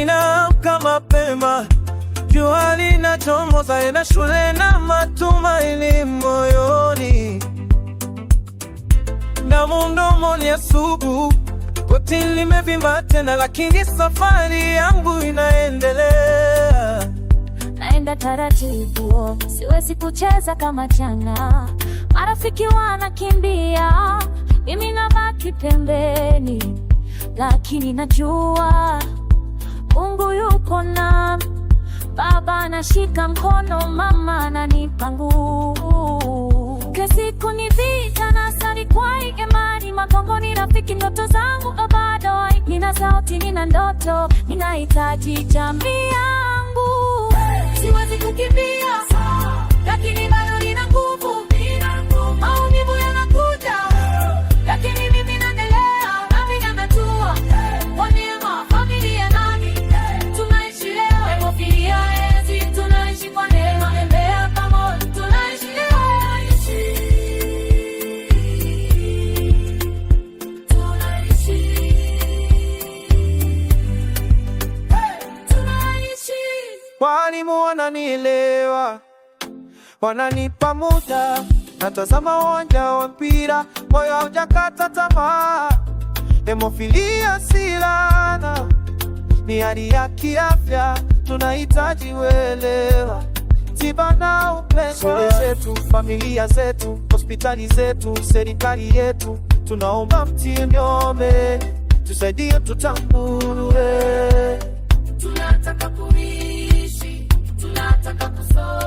Ninaamka mapema, jua linachomoza, ena shule na matumaini moyoni, damu mdomoni, asubu koti limevimba tena, lakini safari yangu inaendelea. Naenda taratibu, siwezi kucheza kama jana, marafiki wanakimbia, mimi nabaki pembeni, lakini najua Mungu yuko nami, baba anashika mkono, mama ananipa nguvu. Kesiku ni vita na sali kwa imani, makongo ni rafiki, ndoto zangu oh, bado nina sauti, nina ndoto, ninahitaji jamii yangu, siwezi kukimbia lakini Walimu wananielewa, wananipa muda, natazama uwanja wa mpira, moyo haujakata tamaa. Hemofilia si laana, ni hali ya kiafya, tunahitaji uelewa, tiba na upendo. Shule zetu, familia zetu, hospitali zetu, serikali yetu, tunaomba mtie ngome, tusaidie tutambue, tunataka attaque a pessoa.